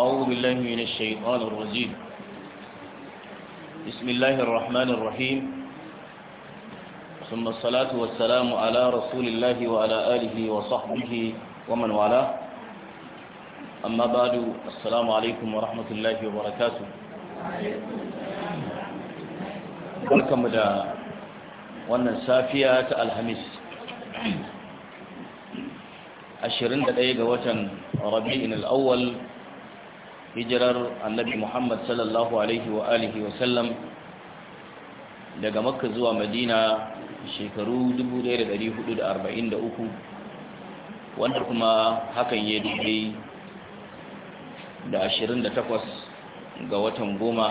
أعوذ بالله من الشيطان الرجيم بسم الله الرحمن الرحيم ثم الصلاة والسلام على رسول الله وعلى آله وصحبه ومن والاه أما بعد السلام عليكم ورحمة الله وبركاته barkanmu da wannan safiya ta alhamis 21 ga watan rabi'in hijirar annabi muhammad sallallahu alaihi wa alihi wa sallam daga makka zuwa madina shekaru 1443 wanda kuma hakan ya daidai da 28 ga watan goma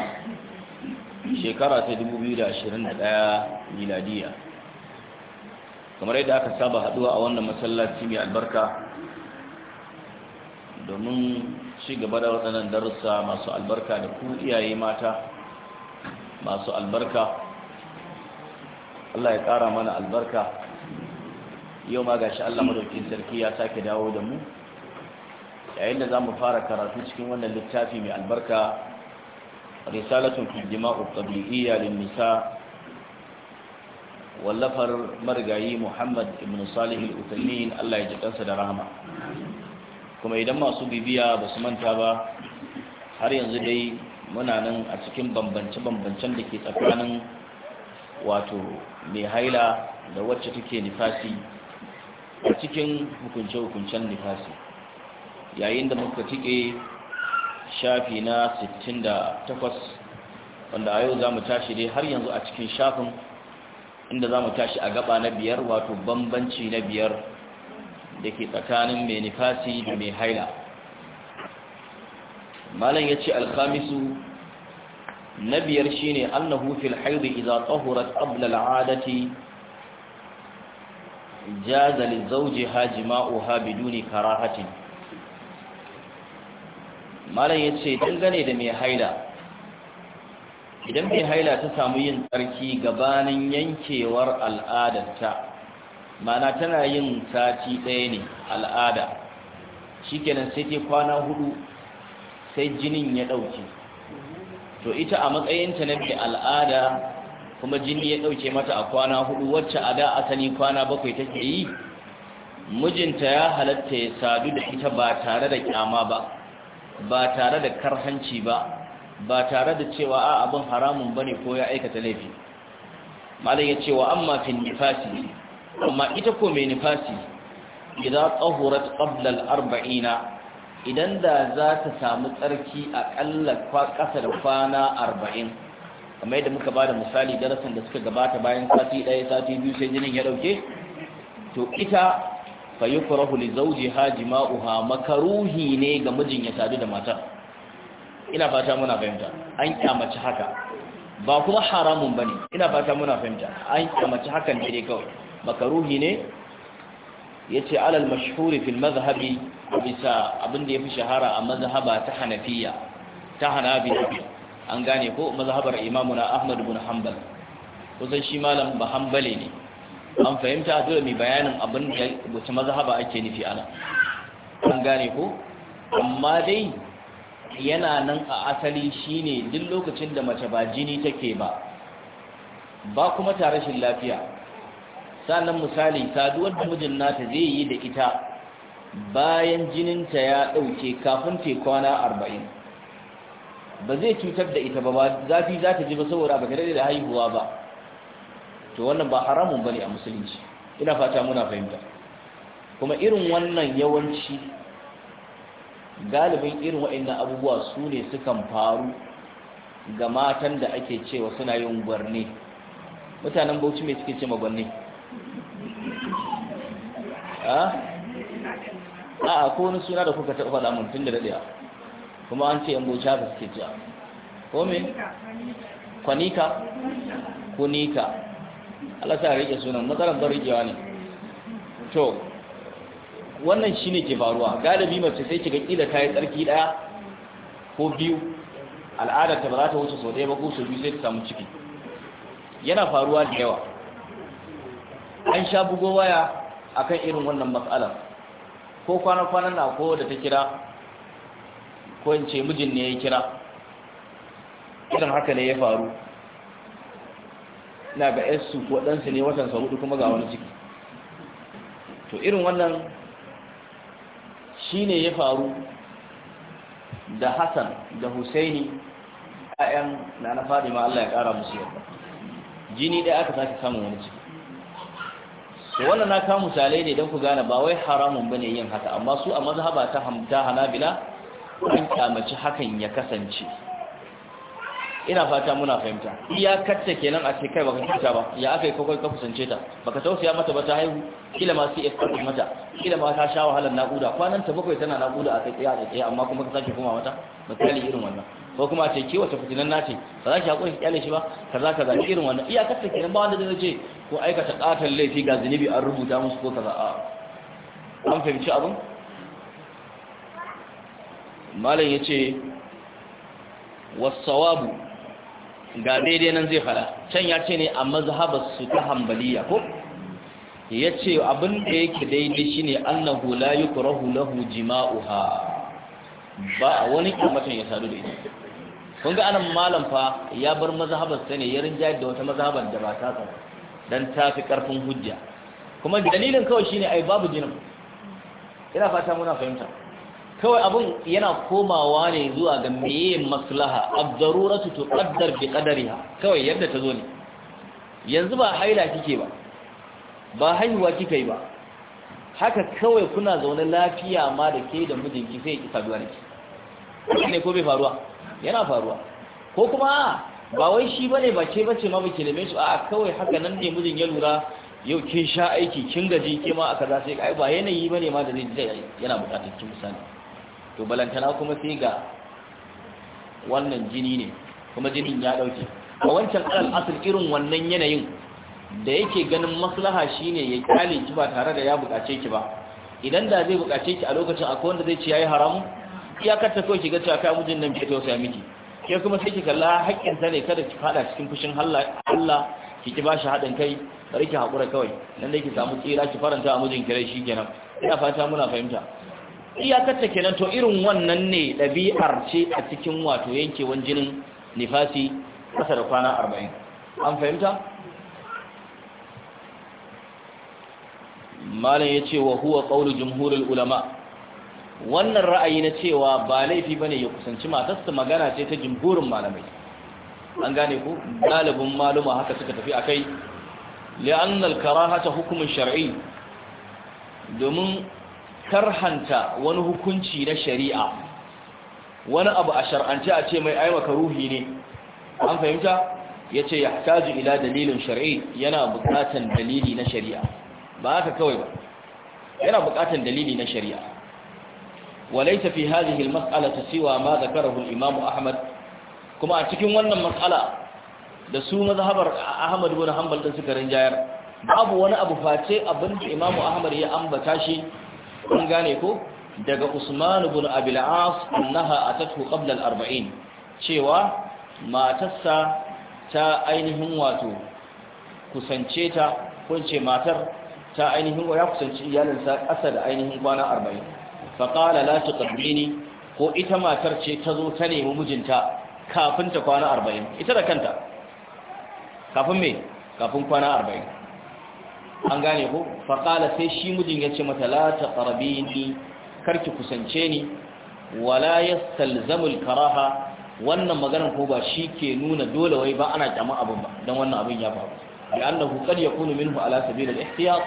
shekara ta 2021 miladiya kamar yadda aka saba haduwa a wannan masallaci mai albarka domin ci gaba da waɗannan darussa masu albarka da ku iyaye mata masu albarka Allah ya kara mana albarka yau ma gashi Allah madaukin sarki ya sake dawo da mu yayin da zamu fara karatu cikin wannan littafi mai albarka risalatun fi jima'u tabi'iyya lin nisa wallafar marigayi Muhammad ibn Salih al Allah ya ji kansa da rahama kuma idan masu bibiya ba su manta ba har yanzu dai muna nan a cikin bambance-bambancen da ke tsakanin wato mai haila da wacce take nifasi a cikin hukunce-hukuncen nifasi yayin da muka tike shafi na 68 wanda a yau za mu tashi dai har yanzu a cikin shafin inda za mu tashi a gaba na biyar wato bambanci na biyar da ke tsakanin mai nifasi da mai haila malam ya ce alkhamisu na biyar shi ne annahu fil haidu iza tsohurat ƙablal adati jazali zauje haji ma'uha biduni karahatin malam ya ce dangane da mai haila idan mai haila ta samu yin tsarki gabanin yankewar al'adarta Ma'ana tana yin sati ɗaya ne al'ada Shi kenan sai ke kwana hudu sai jinin ya ɗauke to ita a matsayinta na bi al'ada kuma jini ya ɗauke mata a kwana hudu wacce a da asali kwana bakwai take yi mijinta ya halatta ya sadu da ita ba tare da kyama ba ba tare da karhanci ba ba tare da cewa a abin haramun ba ne ko ya aikata laifi malam ya cewa amma fin nifasi amma ita ko mai nifasi idan tsohurat ƙablal arba'ina idan da za ta samu tsarki ƙalla ƙasa da kwana arba'in kamar yadda muka ba da misali darasin da suka gabata bayan sati ɗaya sati biyu sai jinin ya ɗauke to ita fayukurahu li zauji hajima'uha makaruhi ne ga mijin ya sadu da matar ina fata muna fahimta an kyamaci haka ba kuma haramun ne. ina fata muna fahimta an kyamaci hakan dai kawai makaruhi ne ya ce alal mashhuri fil mazhabi bisa abinda ya fi shahara a mazhaba ta hanafiya ta hanabi an gane ko mazhabar imamuna ahmad bin hanbal kusan shi malam ba hanbali ne an fahimta dole mai bayanin abin da wata mazhaba ake nufi ana an gane ko amma dai yana nan a asali shine duk lokacin da mace ba jini take ba ba kuma ta rashin lafiya sannan misali saduwar da mijin nata zai yi da ita bayan jininta ya ɗauke kafin ta kwana arba'in ba zai cutar da ita ba ba zafi za ta ji ba saboda ba tare da haihuwa ba to wannan ba haramun bane a musulunci ina fata muna fahimta kuma irin wannan yawanci galibin irin waɗannan abubuwa su ne sukan faru ga matan da ake cewa suna yin gwarne mutanen bauchi mai suke ce magwanne a ko wani suna da kuka taɓa faɗa mun tun da daɗewa kuma an ce yan bocha ba suke cewa ko me kwanika kunika Allah sa rike sunan matsalar ban rikewa ne to wannan ne ke faruwa galibi mace sai kiga kila ta yi tsarki ɗaya ko biyu al'adar ta ba za ta wuce sau ɗaya ba ko sau biyu sai ta samu ciki yana faruwa da yawa an sha bugo waya akan irin wannan matsalar ko kwana-kwanan na ko da ta kira ko in ce mijin ne ya kira irin haka ne ya faru na ga yarsu ko ɗansu ne watansa hudu kuma ga wani ciki to irin wannan shi ne ya faru da hassan da husaini ‘ya'yan na na faɗi ma Allah ya ƙara musu yadda jini ɗaya aka sake samun wani ciki so wannan na kawo misalai ne don ku gane ba wai haramun bane yin haka amma su a mazhaba ta hamta hanabila an kyamaci hakan ya kasance ina fata muna fahimta iya kacce kenan a ba baka kuta ba ya aka yi kokon ka kusance ta baka tausaya mata ba ta haihu kila ma sai ifkar mata kila ma ta sha wahalar nakuda kwanan ta bakwai tana nakuda a tsaye a tsaye amma kuma ka sake koma mata misali irin wannan ko kuma ce ke wata fitinan nace ba za ki hakuri ki kyale shi ba kaza kaza irin wannan iya kacce kenan ba wanda zai ce ko aikata katan laifi ga zunubi an rubuta musu ko kaza a an fahimci abin malam yace wasawabu ga daidai nan zai fara can ya ce ne a mazhaba su ta hambaliya ko ya ce abin da yake daidai shine annahu la yukrahu lahu jima'uha ba wani kamatan ya sadu da ita kun ga anan malam fa ya bar mazhabar sa ne ya rinja da wata mazhabar da ba ta sa dan ta fi karfin hujja kuma dalilin kawai shine ai babu jinin ina fata muna fahimta kawai abin yana komawa ne zuwa ga meye maslaha abdaruratu qaddar bi qadariha kawai yadda ta zo ne yanzu ba haila kike ba ba haihuwa kika yi ba haka kawai kuna zaune lafiya ma da ke da mijinki sai ki faruwa ne ne ko bai faruwa yana faruwa ko kuma ba wai shi bane ba ce bace ma ke da su a kawai haka nan ne mijin ya lura yau kin sha aiki kin gaji ke ma aka za sai ai ba yanayi bane ma da zai yana bukatar kin misali to balantana kuma sai ga wannan jini ne kuma jinin ya dauke a wancan alal asir irin wannan yanayin da yake ganin maslaha shine ya kyale ki ba tare da ya bukace ki ba idan da zai bukace ki a lokacin akwai wanda zai ci yayi haramu iyakar ta so ki ga cewa kai mijin nan bai tausaya miki ke kuma sai ki kalla haƙƙin ta ne kada ki fada cikin fushin Allah ki ki bashi haɗin kai bari ki haƙura kawai nan dai ki samu tsira ki faranta a mijin ki shi shikenan ina fata muna fahimta iyakarta kenan to irin wannan ne ɗabi'ar ce a cikin wato yankewan jinin nifasi ƙasa da kwana arba'in an fahimta? malam ya ce wa huwa ƙaunar jumhurin ulama wannan ra'ayi na cewa ba laifi ba ne ya kusanci matarsa magana ce ta jumhurin malamai an gane ku galibin maluma haka suka tafi a kai li'annal hata hukumin shar'i domin karhanta wani hukunci na shari'a wani abu a shar'ance a ce mai aimaka ruhi ne an fahimta ya ce ya taji ila dalilin shari'i yana bukatan dalili na shari'a ba haka kawai ba yana bukatan dalili na shari'a Wale walaita fi hadhihi ta siwa ma zakarahu al-imam ahmad kuma a cikin wannan matsala da su mazhabar ahmad ibn hanbal din suka rinjayar babu wani abu face abin da imam ahmad ya ambata shi kun gane ko daga Usman ibn Abi al-As annaha atatu qabla al-40 cewa matarsa ta ainihin wato kusance ta ko ce matar ta ainihin ya kusance iyalinsa ƙasa da ainihin kwana 40 fa qala la tuqabbini ko ita matar ce ta zo ta nemi mijinta kafin ta kwana 40 ita da kanta kafin me kafin kwana 40 an gane ko faƙala sai shi mijin ya ce mata la ta ƙarabi ni karki kusance ni wala ya salzamul karaha wannan maganar ko ba shi ke nuna dole wai ba ana kyama abin ba don wannan abin ya faru bi annahu qad yakunu minhu ala sabil al-ihtiyat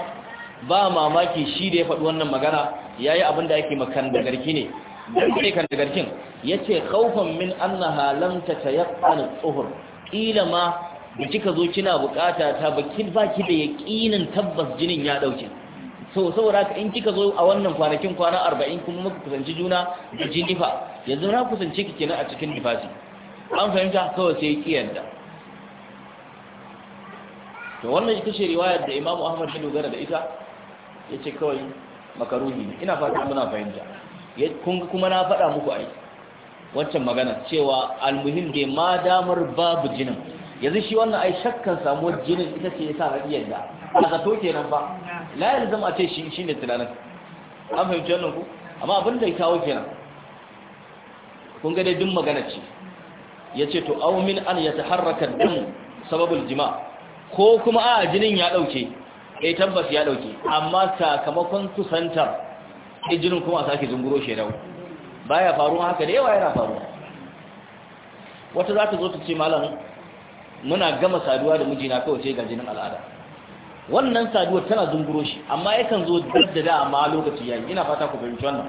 ba mamaki shi da ya faɗi wannan magana yayi abin da yake makan da garki ne dan kai kan da garkin yace khaufan min annaha lam tatayaqqan al-tuhur kila ma da kika zo kina bukata ta ba baki da yaqinin tabbas jinin ya dauke so saboda haka in kika zo a wannan kwanakin kwana 40 kuma muka kusanci juna da jini fa yanzu na kusance kike na a cikin nifasi an fahimta kawai sai kiyanda to wannan shi kace riwaya da Imam Ahmad bin dogara da ita yace kawai makaruhi ina fata muna fahimta kun kuma na faɗa muku ai waccan magana cewa almuhim da ma damar babu jinin yanzu shi wannan ai shakkan samuwar jinin ita ce ya sa har yadda a zato kenan ba la yanzu ce shi ne tunanin an fahimci wannan ku amma abin da ya kawo kenan kun ga dai duk magana ce ya ce to au min an yataharraka dun sababul jima ko kuma a jinin ya dauke eh tabbas ya dauke amma sakamakon kusantar ya jinin kuma a sake zunguro shi dawo baya faruwa haka da yawa yana faruwa wata za ta zo ta ce malam muna gama saduwa da mijina kawai sai ga jinin al'ada wannan saduwa tana zunguro shi amma yakan zo da da amma lokaci yayi ina fata ku fahimci wannan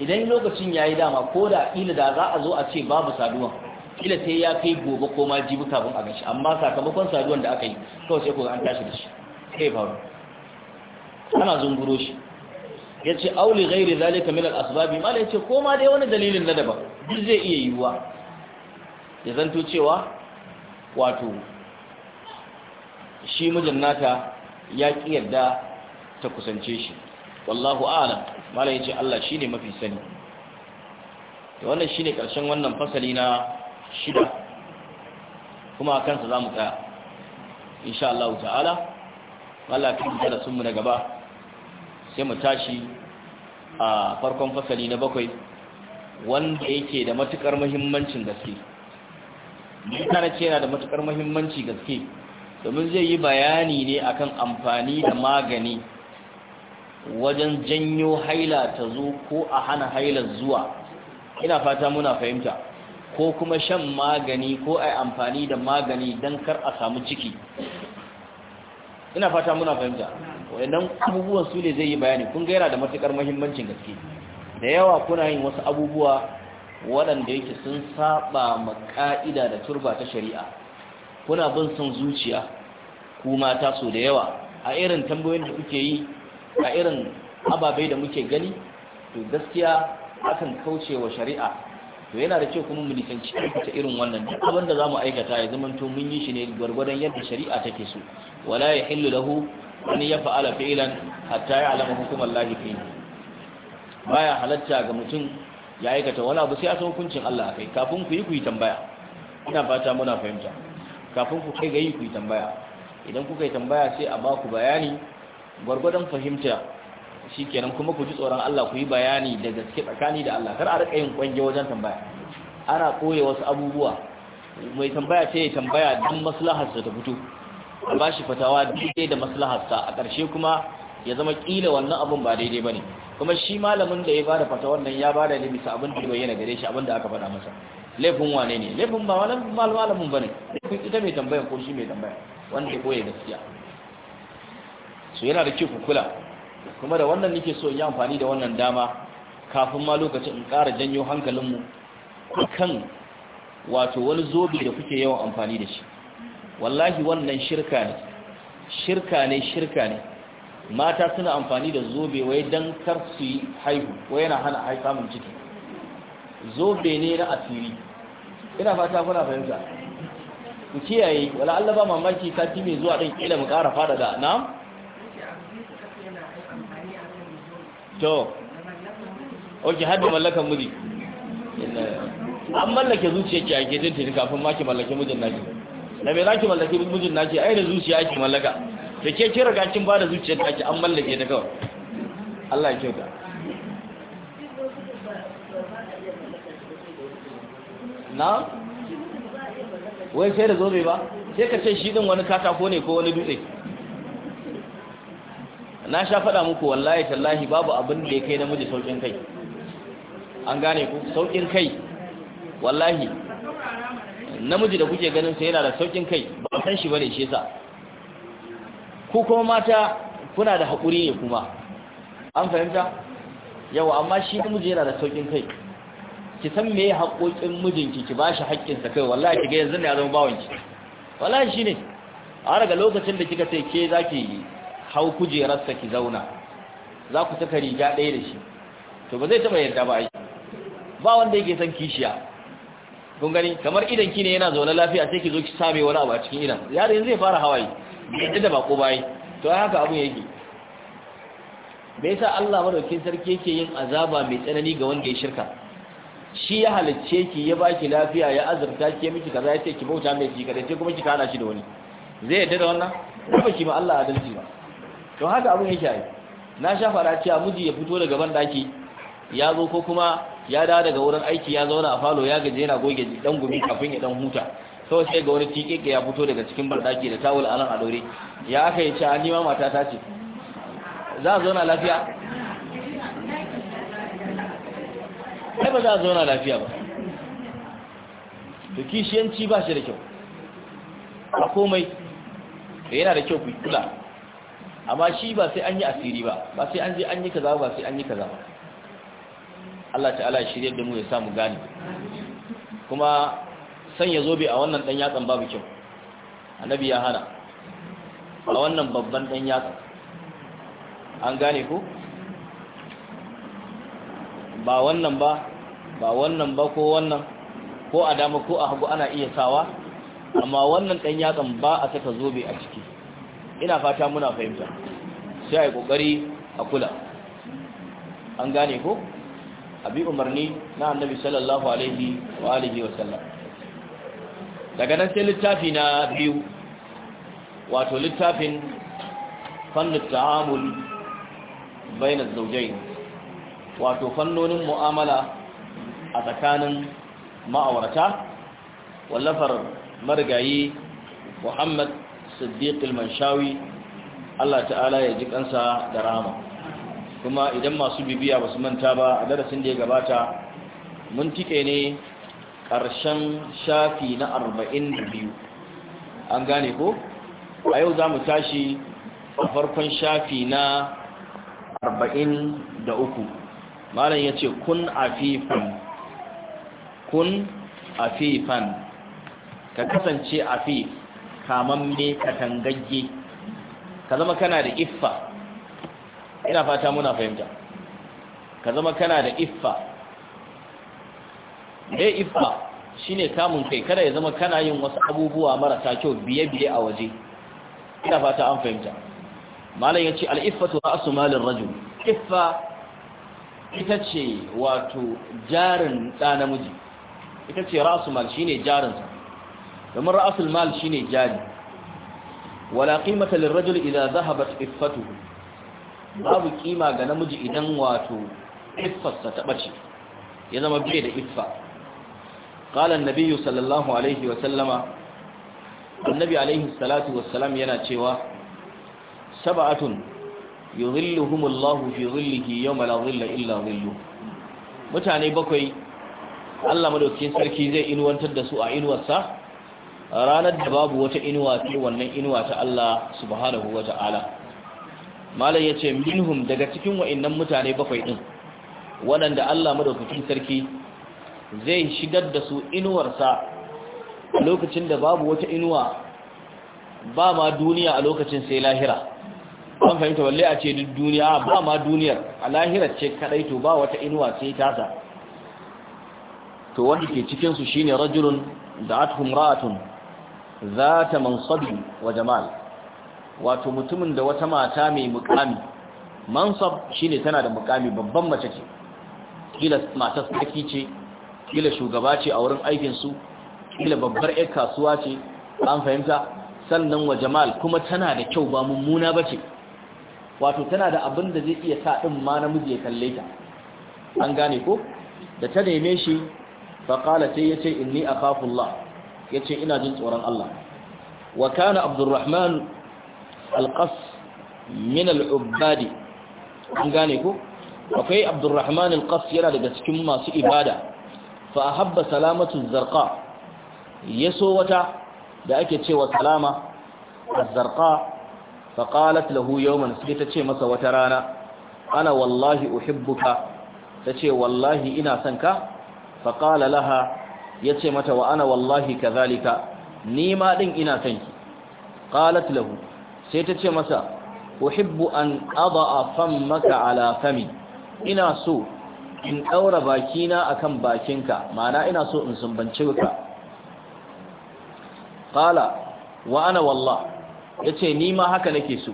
idan lokacin yayi dama ko da ila da za a zo a ce babu saduwa ila sai ya kai gobe ko ma jibi kafin a gashi amma sakamakon saduwar da aka yi kawai sai ku an tashi da shi kai faru ana zunguro shi yace auli ghairi zalika min al-asbab mala yace ko ma dai wani dalilin na daban duk zai iya yiwuwa ya zanto cewa wato shi mijin nata ya ki yarda ta kusance shi wallahu a'lam malai ce Allah shine mafi sani to wannan shine karshen wannan fasali na shida kuma a kansa zamu tsaya insha Allah ta'ala Allah kin da sunmu na gaba sai mu tashi a farkon fasali na bakwai wanda yake da matukar muhimmancin gaske yana ce yana da matukar muhimmanci gaske domin zai yi bayani ne akan amfani da magani wajen janyo haila ta zo ko a hana hailar zuwa ina fata muna fahimta ko kuma shan magani ko a amfani da magani don kar a samu ciki ina fata muna fahimta wadannan abubuwan su ne zai yi bayani kun gaira da matukar muhimmancin gaske da yawa kuna yin wasu abubuwa waɗanda yake sun saba ma ƙa'ida da turba ta shari'a kuna bin son zuciya ku mata so da yawa a irin tambayoyin da kuke yi a irin ababai da muke gani to gaskiya akan kauce wa shari'a to yana da kyau kuma mu nisanci ta irin wannan duk abin da zamu aikata ya zama to mun yi shi ne gwargwadon yadda shari'a take so wala yahillu lahu an yaf'ala fi'lan hatta ya'lama hukum Allah fihi baya halatta ga mutum ya aikata wani abu sai a san hukuncin Allah kai kafin ku yi ku yi tambaya ina fata muna fahimta kafin ku kai ga yi ku yi tambaya idan kuka yi tambaya sai a baku bayani gwargwadon fahimta kenan kuma ku ji tsoron Allah ku yi bayani da gaske tsakani da Allah kar a rika yin kwange wajen tambaya ana koye wasu abubuwa mai tambaya ce ya tambaya don maslaharsa ta fito a bashi fatawa daidai da maslaharsa a ƙarshe kuma ya zama ƙila wannan abun ba daidai ba ne kuma shi malamin da ya bada fata wannan ya bada ne bisa abin da ya bayyana gare shi abin da aka faɗa masa laifin wane ne laifin ba malamin malamin bane laifin ita mai tambaya ko shi mai tambaya wanda ya koya gaskiya so yana da kyau ku kula kuma da wannan nake so in yi amfani da wannan dama kafin ma lokacin in ƙara janyo hankalinmu kan wato wani zobe da kuke yawan amfani da shi wallahi wannan shirka ne shirka ne shirka ne mata suna amfani da zobe wai don kar su yi haihu wai yana hana hai samun ciki zobe ne na asiri ina fata kuna fahimta ku kiyaye wala Allah ba mamaki sati mai zuwa din kila mu ƙara fada da na to oke hadda mallakan miji an mallake zuciya ki gidan tinta kafin ma ki mallake mijin naki da me zaki mallake mijin naki ai da zuciya ki mallaka da ke kira gakin ba da zuciyar kaki an mallake ta kawai Allah ya kyauta na wai sai da zobe ba sai ka ce shi din wani katako ne ko wani dutse na sha faɗa muku wallahi tallahi babu abin da ya kai namiji saukin kai an gane ku saukin kai wallahi namiji da kuke ganin sai yana da saukin kai ba san shi bane shi yasa ku kuma mata kuna da haƙuri ne kuma an fahimta yawa amma shi yana da saukin kai ki san me haƙoƙin mijinki ki ba haƙƙin sa kai wallahi kiga yanzu ne ya zama bawanki. wallahi shine a daga lokacin da kika sai ke zaki hau kujerar ki zauna za ku saka riga ɗaya da shi to ba zai taba yarda ba ai ba wanda yake san kishiya kun gani kamar idan ki ne yana zaune lafiya sai ki zo ki same wani abu a cikin idan yanzu zai fara hawaye yadda da bako bayi to haka abun yake me yasa Allah madaukakin sarki yake yin azaba mai tsanani ga wanda ya shirka shi ya halicce ki ya baki lafiya ya azurta ki miki kaza ya ce ki bauta mai ji kada ce kuma ki kana shi da wani zai yadda da wannan ba ki ma Allah adalci ba to haka abun yake ai na sha fara cewa miji ya fito daga ban daki ya zo ko kuma ya dawo daga wurin aiki ya zauna a falo ya gaje yana goge dan gumi kafin ya dan huta so sai ga wani tikeke ya fito daga cikin bardaki da tawul alan a dore ya aka yi ce ah, ni ma mata ta ce za a zauna lafiya ai ba za a zauna lafiya ba to kishiyanci ba shi da kyau a komai da yana da kyau ku kula amma shi ba sai an yi asiri ba ba sai an je an yi kaza ba sai an yi kaza ba Allah ta'ala ya shirye da mu ya samu gani kuma sanya zobe a wannan dan yatsan babu kyau annabi ya hana a wannan babban dan yatsan an gane ko ba wannan ba ba wannan ba ko wannan ko a dama ko a hagu ana iya sawa amma wannan dan yatsan ba a saka zobe a ciki ina fata muna fahimta sai ai kokari a kula an gane ko abi umarni na annabi sallallahu alaihi wa alihi wa sallam daga nan sai littafi na biyu wato littafin fannin ta'amul bainar zaujai wato fannonin mu'amala a tsakanin ma'aurata wallafar marigayi muhammad siddiq manshawi Allah ta'ala ya ji kansa da rama kuma idan masu bibiya ba su manta ba a darasin da ya gabata mun tike ne ƙarshen shafi na arba'in da biyu. an gane ko a yau za mu tashi a farkon shafi na arba'in da uku. malam ya ce kun afifan kun afifan ka kasance afif kamamme katangagge ka zama kana da iffa ina fata muna fahimta ka zama kana da iffa ne ifa shine kamun kai kada ya zama kana yin wasu abubuwa marasa kyau biye-biye a waje ina fata an fahimta malam ya ce al'iffatu ra'asu malin rajul iffa ita ce wato jarin ɗa namiji ita ce ra'asu mal shine jarinsa domin ra'asul mal shi ne jari wala qimata lirrajul idza zahabar iffatuhu babu kima ga namiji idan wato iffarsa ta ce ya zama biye da iffa قال النبي صلى الله عليه وسلم النبي عليه الصلاة والسلام ينا سبعة يظلهم الله في ظله يوم لا ظل إلا ظله mutane bakwai Allah madaukakin sarki zai inuwantar da su a inuwarsa ranar da babu wata inuwa ce wannan inuwa ta Allah subhanahu wata'ala malam yace minhum daga cikin wa'annan mutane bakwai ɗin, waɗanda Allah madaukakin sarki zai shigar da su inuwarsa a lokacin da babu wata inuwa ba ma duniya a lokacin sai lahira an fahimta walle a ce duk duniya ba ma duniyar a lahirar ce kadai to ba wata inuwa sai tasa to wanda ke cikin su shine rajulun da'atuhum ra'atun zata mansabi wa jamal wato mutumin da wata mata mai mukami mansab shine tana da mukami babban mace ce kila matar sarki ce kila shugaba ce a wurin aikinsu kila babbar 'yar kasuwa ce an fahimta sannan wa jamal kuma tana da kyau ba mummuna ba ce wato tana da abin da zai iya sa ɗin ma namiji ya kalle ta an gane ko da ta neme shi faƙala ce ya ce inni a kafullah ya ce ina jin tsoron Allah wa kana abdurrahman alƙas min al'ubbadi an gane ko akwai abdurrahman alƙas yana daga cikin masu ibada fa ahabba salamatu zarqa yaso wata da ake cewa salama az-zarqa fa qalat lahu yawman sai ta ce masa wata rana ana wallahi uhibbuka tace wallahi ina son ka fa qala laha yace mata wa ana wallahi kadhalika ni ma din ina son ki qalat lahu sai ta ce masa uhibbu an qada fammaka ala fami ina so in ɗaura bakina akan bakinka ma'ana ina so in sumbance ka ƙala wa ana wallah yace ni ma haka nake so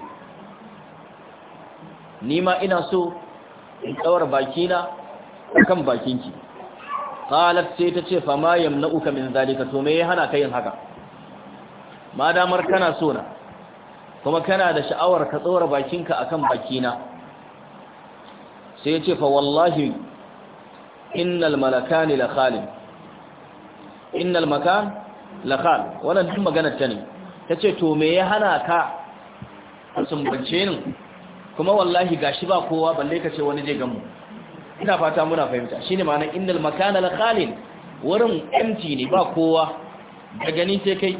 ni ma ina so in ɗaura bakina akan bakinki qalat sai ce fa ma na'uka min zalika to me ya hana ka yin haka ma damar kana so na kuma kana da sha'awar ka tsora bakinka akan bakina sai ya ce fa wallahi innal malakani la khalid innal makan la khal wannan duk maganar ta ne tace to me ya hana ka sumbance ni kuma wallahi gashi ba kowa balle ka ce wani je gamu ina fata muna fahimta shine ma'anar innal makana la khalid wurin empty ne ba kowa da gani sai kai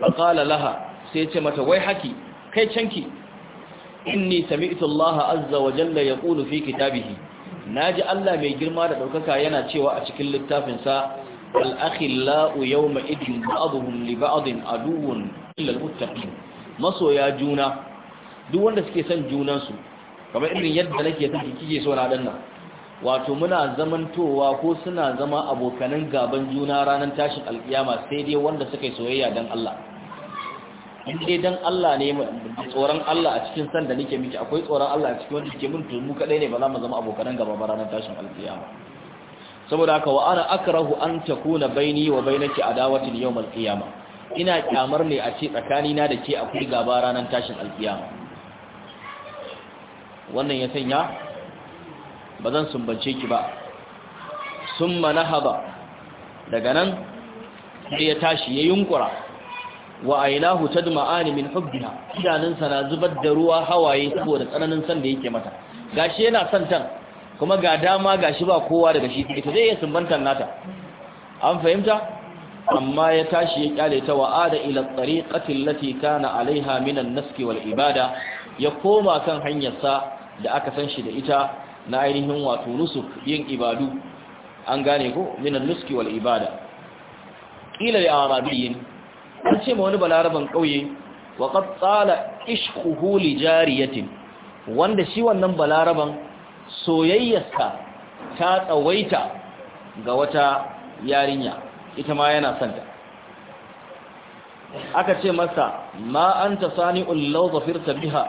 faqala laha sai ce mata wai haki kai canki inni sami'tu Allah azza wa jalla yaqulu fi kitabihi Na ji Allah mai girma da ɗaukaka yana cewa a cikin littafinsa, sa wal akhillau yawma idin ba'dhum li masoya juna duk wanda suke son junansu. kamar irin yadda nake son kike so na nan, wato muna zamantowa ko suna zama abokanan gaban juna ranar tashin alkiyama sai dai wanda suka yi soyayya don Allah in dai dan Allah ne tsoron Allah a cikin san da nake miki akwai tsoron Allah a cikin wanda ke mun kadai ne ba za mu zama abokan gaba ba ranar tashin alkiyama saboda haka wa ana akrahu an takuna baini wa bainaki adawati yawm alkiyama ina kyamar ne a ce tsakani na da ke akwai gaba ranar tashin alkiyama wannan ya sanya ba zan sumbace ki ba summa nahaba daga nan sai ya tashi ya yunkura wa ainahu tadma'ani min hubbiha idanunsa na zubar da ruwa hawaye saboda tsananin san da yake mata gashi yana son tan kuma ga dama gashi ba kowa daga shi take zai iya sumbantar nata an fahimta amma ya tashi ya kyale ta wa'ada ila tariqati allati kana alaiha min an-naski wal ibada ya koma kan hanyar sa da aka san shi da ita na ainihin wato nusuk yin ibadu an gane ko min an-naski wal ibada ila li arabiyyin an ce ma wani balaraban ƙauye wa ƙasala tsala ishquhu li jariyatin wanda shi wannan balaraban soyayyarsa ta tsawaita ga wata yarinya ita ma yana santa aka ce masa ma an anta sani law zafirta biha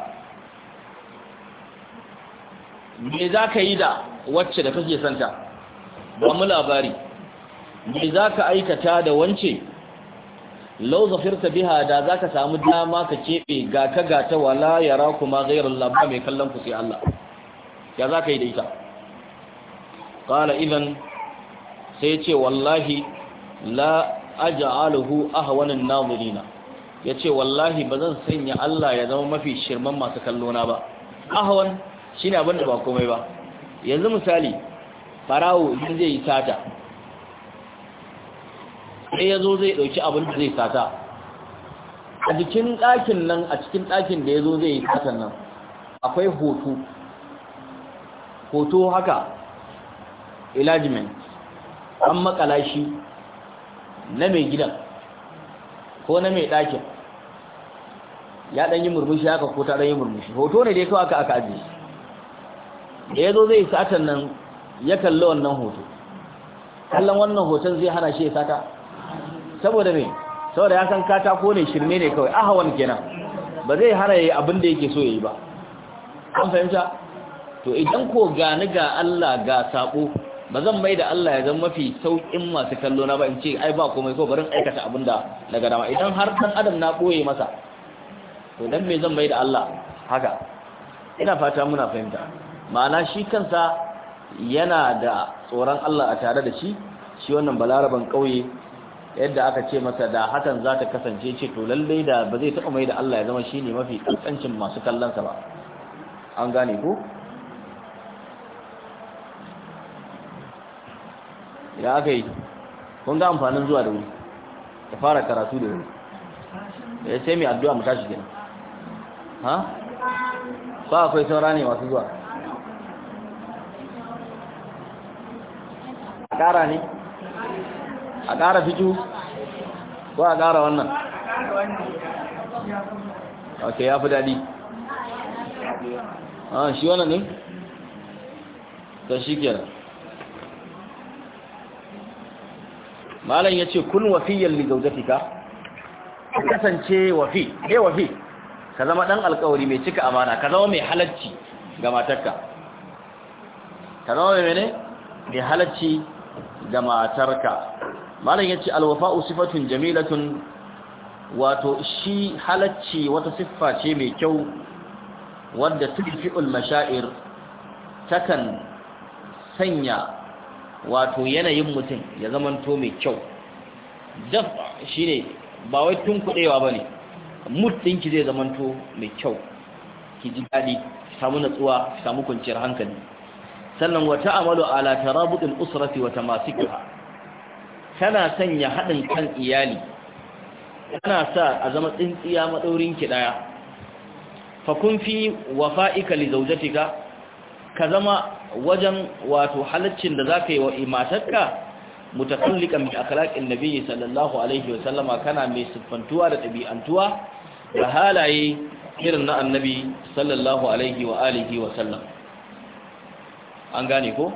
me za ka yi da wacce da kake santa ba mu labari me za ka aikata da wance lau zafirta biha da za ka samu dama ka keɓe ga ka ga wala ya ra kuma gairar labba mai kallon ku sai Allah ya za ka yi da ita ƙala idan sai ce wallahi la aja'aluhu ahwanan ya yace wallahi ba zan sanya Allah ya zama mafi shirman masu kallona ba ahwan ne abin da ba komai ba yanzu misali farawo zai yi sata sai ya zo zai ɗauki abin da zai sata a jikin ɗakin nan a cikin ɗakin da ya zo zai yi satan nan akwai hoto hoto haka enlargement an makala shi na mai gidan ko na mai ɗakin ya ɗan yi murmushi haka ko ta ɗan yi murmushi hoto ne dai kawo aka aka ajiye da ya zo zai satan nan ya kalli wannan hoto kallon wannan hoton zai hana shi ya sata saboda me saboda ya san katako ne shirme ne kawai ahawan kenan ba zai hana yayi abin da yake so yayi ba an fahimta to idan ko gani ga Allah ga sabo ba zan mai da Allah ya zama mafi saukin masu kallo na ba in ce ai ba komai ko barin aikata abin da daga dama idan har dan adam na boye masa to dan me zan mai da Allah haka ina fata muna fahimta ma'ana shi kansa yana da tsoron Allah a tare da shi shi wannan balaraban kauye yadda aka ce masa da hakan za ta kasance ce to lallai da ba zai taɓa mai da Allah ya zama shi ne mafi ƙanƙancin masu kallonsa ba an gane ku ya aka yi kun ga amfanin zuwa da wuri ya fara karatu da wuri ya ce mai addu'a mu tashi gina ha ba akwai saura ne masu zuwa ƙara ne a ƙara fito ko a ƙara wannan ok ya fi daɗi a ah, shi wannan ne ta shi kenan malam ya ce kun wafi wafiyyar ya kasance wafi ɗaya wafi ka zama ɗan alkawari mai cika amana ka zama mai halarci ga matarka ka zama mai mene mai halarci ga matarka malam yace alwafa'u sifatun jamilatun wato shi halacci wata siffa ce mai kyau wanda tudfi'ul mashair takan sanya wato yanayin mutum ya zamanto mai kyau daf shine ba wai tun kudewa bane mutum ki zai zamanto mai kyau ki ji daɗi samu natsuwa samu kwanciyar hankali sannan wata amalu ala tarabudin usrati wa tamasikiha tana sanya haɗin kan iyali tana sa a zama tsintsiya maɗaurin ki ɗaya fakun fi wa li zaujatika ka zama wajen wato halaccin da zaka yi wa matarka mutakallikan bi akhlaqin nabi sallallahu alaihi wa sallama kana mai siffantuwa da ɗabi'antuwa da halaye irin na annabi sallallahu alaihi wa alihi an gane ko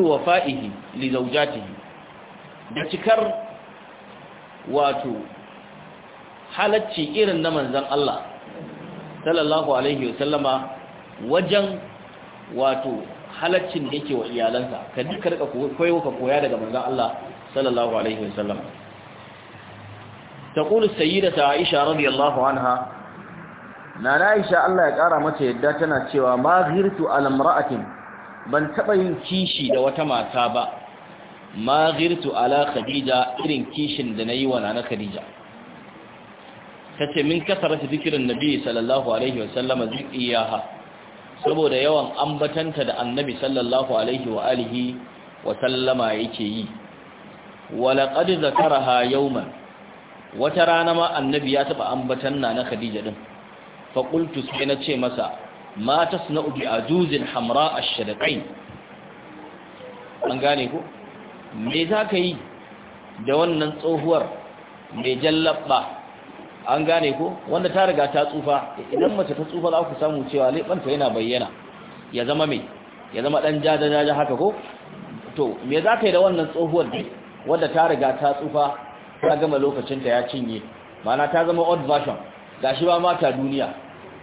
wa fa'ihi li zaujatihi da cikar wato halacci irin na manzan Allah sallallahu alaihi wasallama wajen wato halaccin da yake wa iyalansa ka duka rika koyo ka koya daga manzan Allah sallallahu alaihi wasallama تقول السيدة عائشة Aisha radiyallahu anha. na Aisha Allah ya kara mata yadda tana cewa ma ghirtu alamra'atin ban taba yin kishi da wata mata ba ma ghirtu ala khadija irin kishin da nayi wa nana khadija tace min kasarata zikirin nabi sallallahu alaihi sallama zikiyaha saboda yawan ambatanta da annabi sallallahu alaihi wa alihi wa sallama yake yi walaqad zakaraha yawman wata rana ma annabi ya taba ambatan nana khadija din faƙultu sai na ce masa ma ta suna ubi a juzin hamra a shirƙai an gane ku me za ka yi da wannan tsohuwar mai jallaɓa? an gane ku wanda ta riga ta tsufa idan mace ta tsufa za ku samu cewa laifanta yana bayyana ya zama mai ya zama ɗan jada haka ko to me za ka yi da wannan tsohuwar ne wadda ta riga ta tsufa ta gama lokacinta ya cinye mana ta zama old version gashi ba mata duniya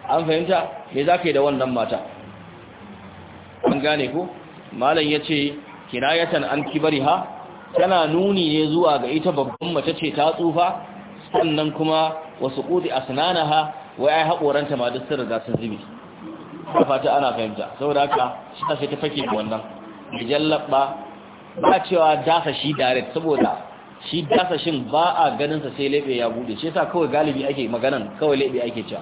an fahimta me zakai da wannan mata an gane ko malam ya ce an kibariha ha tana nuni ne zuwa ga ita babban mace ce ta tsufa sannan kuma wasu qudi asnanaha wai ai hakoranta ma da sun riga sun fata ana fahimta saboda haka shi ta ta fake wannan jallaba ba cewa dafa shi direct saboda shi dasashin ba a ganinsa sai lebe ya bude shi yasa kawai galibi ake maganan kawai lebe ake cewa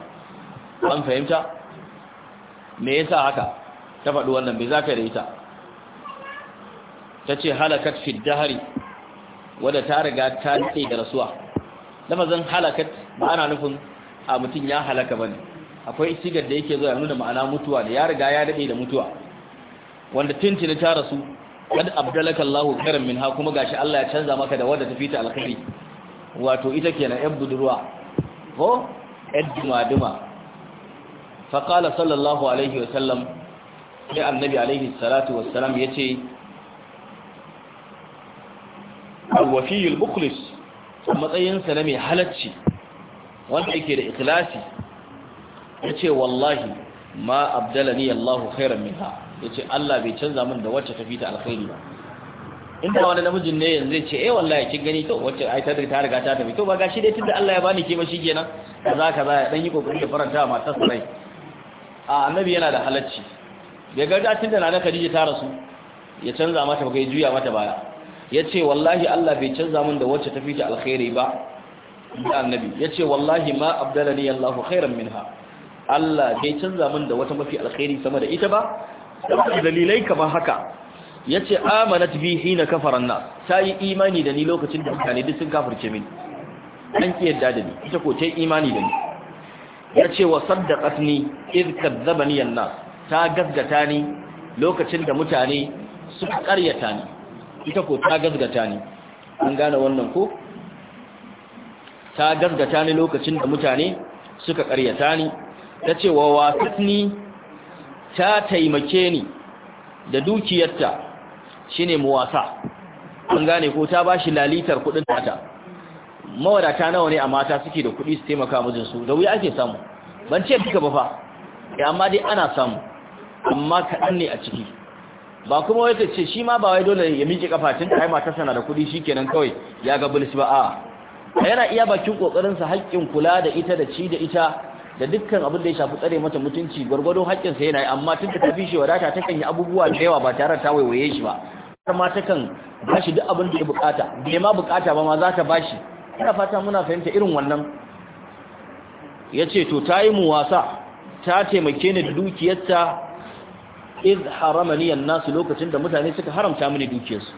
an fahimta me yasa haka ta faɗi wannan bai zaka da ita tace halakat fi dahari wanda ta riga ta dace da rasuwa lamazin halakat ba ana nufin a mutum ya halaka bane akwai sigar da yake zuwa nuna ma'ana mutuwa da ya riga ya dade da mutuwa wanda tintini ta rasu Kada abdalaka Allahu karam minha kuma gashi Allah ya canza maka da wadda tafi ta alkhairi wato ita kenan ɗan budurwa ko ɗan dumaduma fa qala sallallahu alaihi wa sallam sai annabi alaihi salatu wassalam yace al-wafiyul mukhlis matsayin sa na mai halacci wanda yake da ikhlasi yace wallahi ma abdalani Allahu khairan minha yace Allah bai canza min da wacce tafi ta alkhairi ba inda wani namijin ne yanzu ce eh wallahi kin gani to wacce ai ta ta riga ta tafi to ba gashi dai tunda Allah ya bani ke ba shikenan kaza kaza ya dan yi kokarin da faranta ma ta sarai a annabi yana da halacci bai ga tunda nana Khadija ta rasu ya canza mata ba kai juya mata baya yace wallahi Allah bai canza min da wacce tafi ta alkhairi ba da annabi yace wallahi ma abdalani Allahu khairan minha Allah bai canza min da wata mafi alkhairi sama da ita ba dalilai kamar haka ya ce amanat bi hina kafaran nan, ta yi imani da ni lokacin da mutane duk sun kafirce mini an ki yadda da ni ita ko ta yi imani da ni Ya ce wa saddaqatni id kadzabani an-nas ta gazgata ni lokacin da mutane suka karyata ni ita ko ta gazgata ni an gane wannan ko ta gazgata ni lokacin da mutane suka karyata ni ce wa ni? ta taimake ni da dukiyarta shine muwasa an gane ko ta bashi lalitar kudin mata mawadata nawa ne a mata suke da kudi su taimaka mijin da wuya ake samu ban ce duka ba fa eh, amma dai ana samu amma kaɗan ne a ciki ba kuma wai ka ce shi ma ba wai dole ya miƙe kafacin kai mata sana da kuɗi kenan kawai ya ga bulsi ba a yana iya bakin kokarin sa haƙƙin kula da ita da ci da ita da dukkan abin da ya shafi tsare mata mutunci gwargwado haƙƙinsa yana yi amma tun da ta fi shi wadata ta kan yi abubuwa da yawa ba tare ta waiwaye shi ba har ma ta kan ba shi duk abin da ya bukata bai ma bukata ba ma za ta ba shi ina fata muna fahimta irin wannan ya ce to ta yi mu wasa ta taimake ni da dukiyarta iz haramani nasu lokacin da mutane suka haramta mini dukiyarsu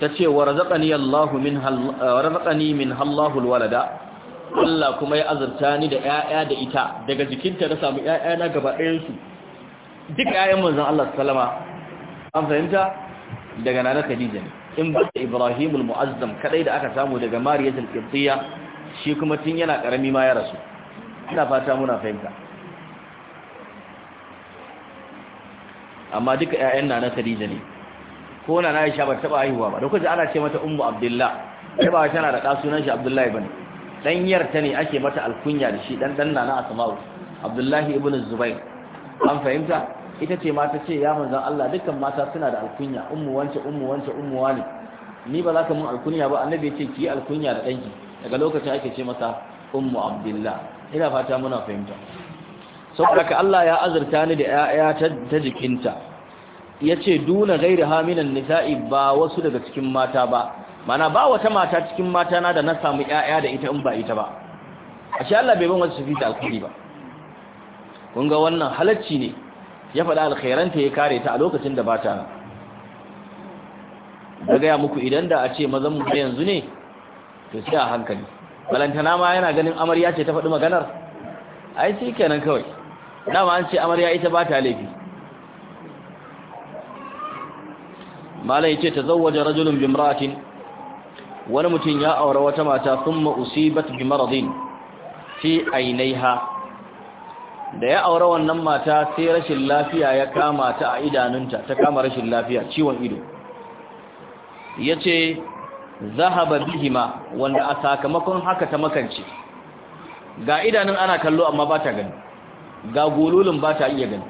ta ce wa razaqani Allahu min razaqani min Allahu alwalada Allah kuma ya azurta ni da ƴaƴa da ita daga jikinta na samu ƴaƴa na gaba ɗayan su duk ƴaƴan manzon Allah sallama an fahimta daga nana Khadija ne in ba da Ibrahimul Mu'azzam kadai da aka samu daga Mariyatul Qibtiyya shi kuma tun yana karami ma ya rasu ina fata muna fahimta amma duka ƴaƴan nana Khadija ne ko nana Aisha ba taba haihuwa ba lokacin ana ce mata Ummu Abdullah sai ba tana da ɗa sunan shi Abdullahi bane danyar ta ne ake mata alkunya da shi dan dan nana asma'u abdullahi ibn zubair an fahimta ita ce mata ce ya manzon Allah dukkan mata suna da alkunya ummu wance ummu wance ummu wani ni ba za ka mun alkunya ba annabi ce ki alkunya da danki daga lokacin ake ce masa ummu abdullah ina fata muna fahimta saboda ka Allah ya azurta ni da 'ya'ya ta jikinta yace duna gairi haminan nisa'i ba wasu daga cikin mata ba mana ba wata mata cikin mata na da na samu ƴaƴa da ita in ba ita ba ashe Allah bai ban wasu shafi da alkhairi ba kun ga wannan halacci ne ya faɗa alkhairanta ya kare ta a lokacin da ba ta daga gaya muku idan da a ce mazan mu yanzu ne to sai a hankali balantana ma yana ganin amarya ce ta faɗi maganar ai sai kenan kawai an ce amarya ita ba ta laifi malai ce ta wajen rajulun bimratin wani mutum ya aura wata mata thumma usibat bi maradin fi ainaiha da ya aura wannan mata sai rashin lafiya ya kama ta a idanunta ta kama rashin lafiya ciwon ido yace zahaba bihima wanda a sakamakon haka ta makance ga idanun ana kallo amma ba ta gani ga gululun ba ta iya gani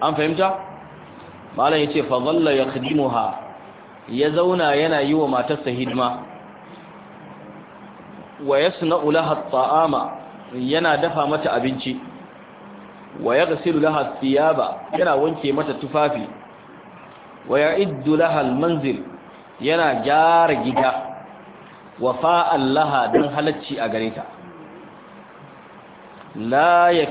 an fahimta malam yace fa dhalla ha. ya zauna yana yi wa matarsa hidima wa yasna'u laha ta'ama yana dafa mata abinci wa yaghsilu laha thiyaba yana wanke mata tufafi wa ya'iddu laha al yana gyara gida wa fa'an laha don halacci a ganita. la ya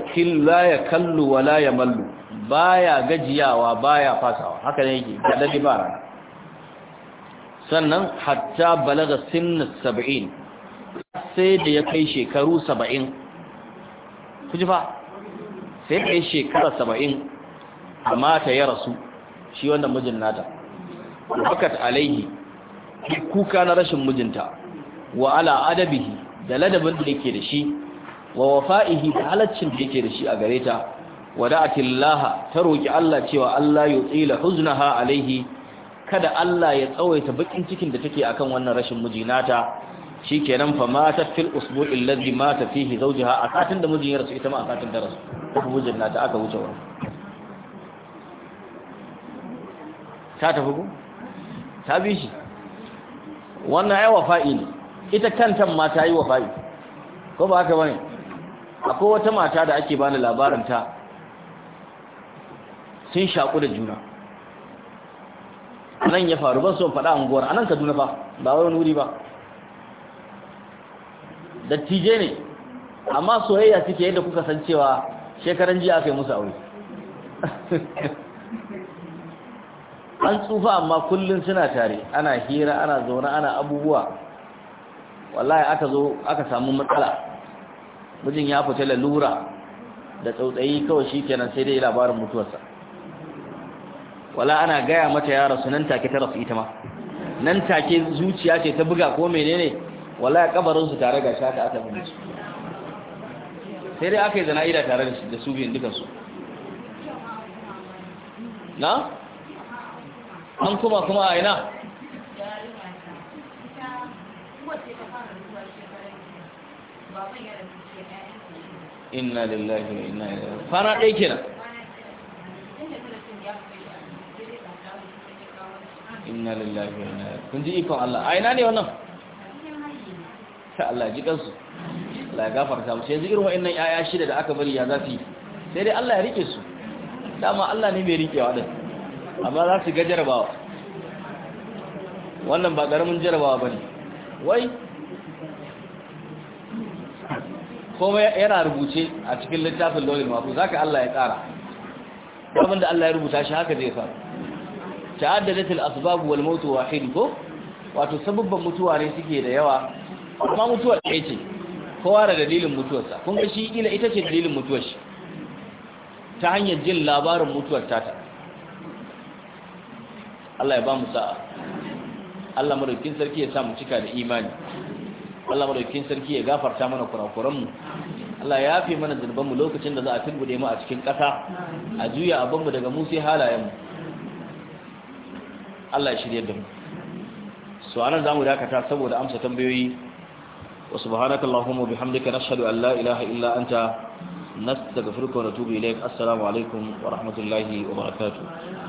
kallu wa la ya mallu baya gajiyawa baya fasawa haka ne yake ga dabi ba rana sannan hatta balaga sinna saba'in sai da ya kai shekaru saba'in kuji fa sai kai shekara saba'in amma ta ya rasu shi wanda mijin nata wakat alaihi kuka na rashin mijinta wa ala adabihi da ladabin da yake da shi wa wafa'ihi da halaccin da yake da shi a gare ta wada'atillaha ta roki Allah cewa Allah ya tsila huznaha alaihi kada Allah ya tsawaita bakin cikin da take akan wannan rashin mijinata shikenan fa mata fil usbu' alladhi mata fihi zawjaha a satin da mijin ya rasu ita ma a satin da rasu ta mijin nata aka wuce wa ta tafi ko ta bi shi wannan ai wafa'i ne ita kanta ma ta yi wafa'i ko ba haka bane akwai wata mata da ake bani labarin ta sun shaku da juna nan ya faru ban son faɗa unguwar a nan kaduna fa ba wani wuri ba dattije ne amma soyayya suke yadda kuka san cewa shekaran jiya aka yi musu aure an tsufa amma kullum suna tare ana hira ana zaune ana abubuwa wallahi aka zo aka samu matsala mijin ya fita lalura da tsautsayi kawai shi kenan sai dai labarin mutuwarsa wala ana gaya mata ya rasu nan take ta rasu ita ma nan take zuciya ce ta buga ko menene wala kabarin su tare ga shaka aka bin su sai dai aka yi zana'ida tare da su biyan dukansu na an kuma kuma a ina inna lillahi wa inna ilaihi fara dai kenan inna lillahi wa inna ilaihi kun ji ikon Allah ai na ne wannan sha Allah ji kansu Allah ya gafarta musu yanzu irin wa'annan yaya shida da aka bari ya zafi sai dai Allah ya rike su dama Allah ne mai rikewa din amma za su ga jarabawa wannan ba garamin jarabawa bane wai kuma yana rubuce a cikin littafin lawal za zaka Allah ya tsara abinda Allah ya rubuta shi haka zai faru ta'addadat al-asbab wal maut wahid ko wato sababban mutuwa ne suke da yawa amma mutuwa ɗaya ce kowa da dalilin mutuwarsa kun ga shi ila ita ce dalilin mutuwar shi ta hanyar jin labarin mutuwar tata Allah ya ba mu sa'a Allah madaukakin sarki ya sa mu cika da imani Allah madaukakin sarki ya gafarta mana kurakuranmu Allah ya fi mana zunubanmu lokacin da za a turbude mu a cikin ƙasa a juya abanmu daga mu sai halayenmu Allah ya shirye da mu so anan zamu dakata saboda amsa tambayoyi wa subhanakallahumma bihamdika nashhadu an la ilaha illa anta nastaghfiruka wa natubu ilaik assalamu alaikum wa rahmatullahi wa barakatuh